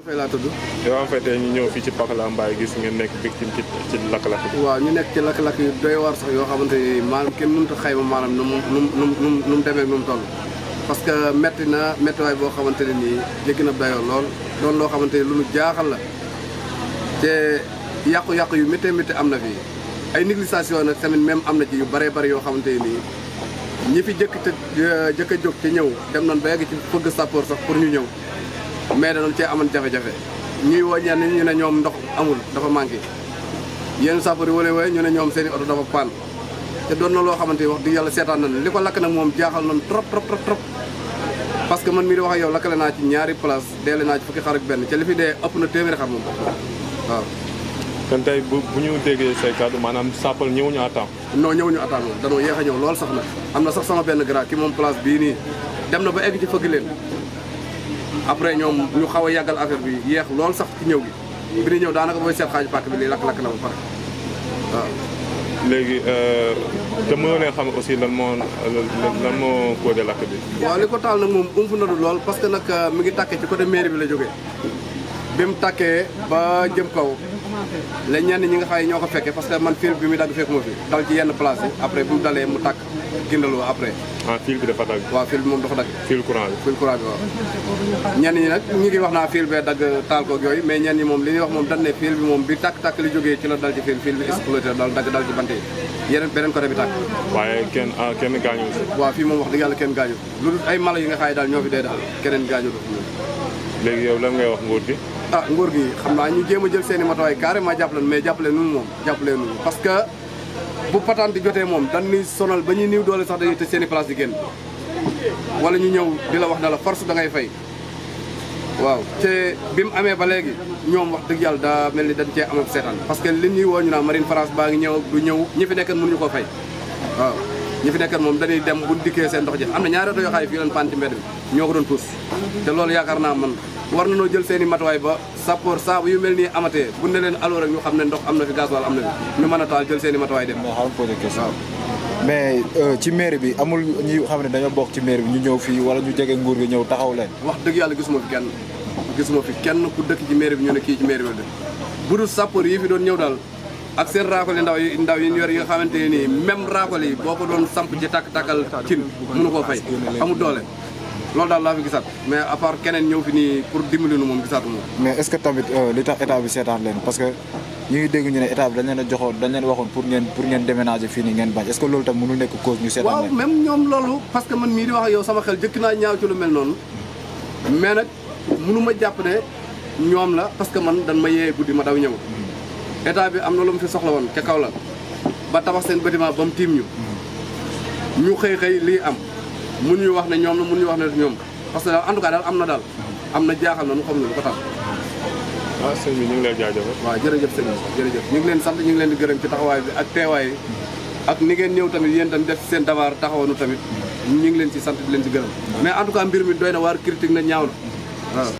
Fay laa tudd. ñu ñëw fii ci Pakala Mbaye gis ngeen nekk victime lakk-lakk bi. waaw nekk ci lakk-lakk yu doy sax yoo xamante ni maanaam kenn mënut a xayma maanaam nu mu nu mu mu nu mu demee nu parce que métti na méttiwaay boo xamante ne nii jéggi na dayoo lool doon loo xamante ni lu nu jaaxal la te yàqu-yàqu yu méttee métti am na fi ay négligence nag tamit même am na ci yu bëree bëri yoo xamante nii ñi fi jëkk te jëkk a jóg te ñëw dem nañ ba yegg ci fëgg sappoor sax pour ñu ñëw. mais dañu ci amoon jafé jafé ñuy woo ñenn ñu né ñom ndox amul dafa manqué yeen safari wolé way ñu né ñom seen auto dafa pan té doon na lo xamanté wax di yalla sétan nañ liko lak nak mom jaaxal non trop trop trop trop parce que man mi di wax ak yow lak la na ci ñaari place délé na ci fukki xar ak benn ca li fi dee ëpp na téméré xam mom waaw kan tay bu ñu déggee say cadeau manam sàppal ñewu ñu atam non ñewu ñu atam da danoo yéxa ñew lool sax na amna sax sama ben grand ki mom place bi ni dem na ba egg ci fëgg leen après ñoom ñu xaw a yàggal affaire bi yéex lool sax ci ñëw gi bi ñu ñëw daanaka booy seet xaaju pàkk bi lii lakk-lakk na ba pare waaw. léegi euh, te mënoo leen xam aussi lan moo lan moo causé lakk bi. waaw li ko taal nag moom ump na du lool parce que nag euh, mi ngi tàkkee ci côté mairie bi la jóge bi mu tàkkee ba jëm kaw la ñenn ñi nga xam ne ñoo ko fekkee parce que man fiir bi muy dagg fekkuma fi dal ci yenn place yi après bi mu dalee mu tàkk. gindal wa après. ah fil bi dafa dagg. waaw fil bi moom dafa dagg. fil courant bi fil courant ñi nag ñu ngi wax naa fil bee dagg taal ko yooyu mais ñenn ñi moom li ñuy wax moom dañ ne fil bi moom bi tàkk-tàkk li jógee ci la dal ci fil fil bi exploité dal dagg dal ci bant yi yeneen beneen côté bi tàkk. waaye kenn ah, gaañu si. waaw moom wax dëgg yàlla kenn gaañu lu ay mala yi nga xaay daal ñoo fi dee daal keneen gaañu léegi yow lan ngay wax nguur gi. ah nguur gi naa ñu jéem a jël seen i matuwaay carrément jàppale mais jàppale nunu moom bu patante jotee mom dañ ni sonal bañi niw doole sax dañuy te seen place di génn wala ñu ñew dila wax dala force da ngay fay waaw te bim amé ba légui ñom wax deug yalla da melni dañ ci am ak sétan parce que li ñuy woo ñu naan marine France baa ngi ñëw du ñew ñi fi mënu ñu ko fay waaw ñi fi nekkan mom dañuy dem bu diké sen dox ji amna ñaara do yo xay fi lan fii mbéd ñoko doon tous té loolu yaakar na man war na no jël ba sappoor saabu yu mel nii amatee bu ne leen alors rek ñu xam ne ndox am na fi gasoil am na fi ñu mën a taal jël seen i matuwaay dem. mais xam posé question mais ci mairie bi amul ñi xam ne dañoo bokk ci mairie bi ñu ñëw fii wala ñu jege nguur gi ñëw taxaw leen. wax dëgg yàlla gisuma fi kenn gisuma fi kenn ku dëkk ci mairie bi ñu ne kii ci mairie bi bu dul sappoor yi fi doon ñëw daal ak seen raakole ndaw yi ndaw yi ñu yor yi nga xamante ne nii même raakole yi boo ko doon samp ci takk takkal cin mënu koo fay amul doole loolu daal laa fi gisaat mais à part keneen ñëw fi nii pour dimbali nu moom gisaatu moom. mais est-ce que tamit euh, li tax état seetaan leen parce que ñu dégg ñu ne état dañ leen a joxoon dañ leen waxoon pour ngeen pour ngeen déménager fii nii ngeen bañ est loolu tam mënu nekk cause ñu seetaan leen mel noonu mais nag mënu ma jàpp ne ñoom la parce que man dañ ma yee guddi ma daw ñëw état bi am na lu mu fi soxla woon ca kaw la ba tabax seen bâtiment ba mu tiim ñu mm-hmm. ñu xëy xëy li am mun ñu wax ne ñoom la mun ñu wax ne ñoom parce que daal en tout cas daal am na daal am na jaaxal na nu xam ne lu ko tax waaw ah, sëñ bi ñu ngi lay jaajëfal waaw jërëjëf sëñ bi jërëjëf ñu ngi leen sant ñu ngi leen di gërëm ci taxawaay bi ak teewaay yi ak ni ngeen ñëw tamit yéen tamit def seen dabar taxawanu tamit ñu ngi leen ci sant di leen ci gërëm mais en tout cas mbir mi doy na waar critique na ñaaw na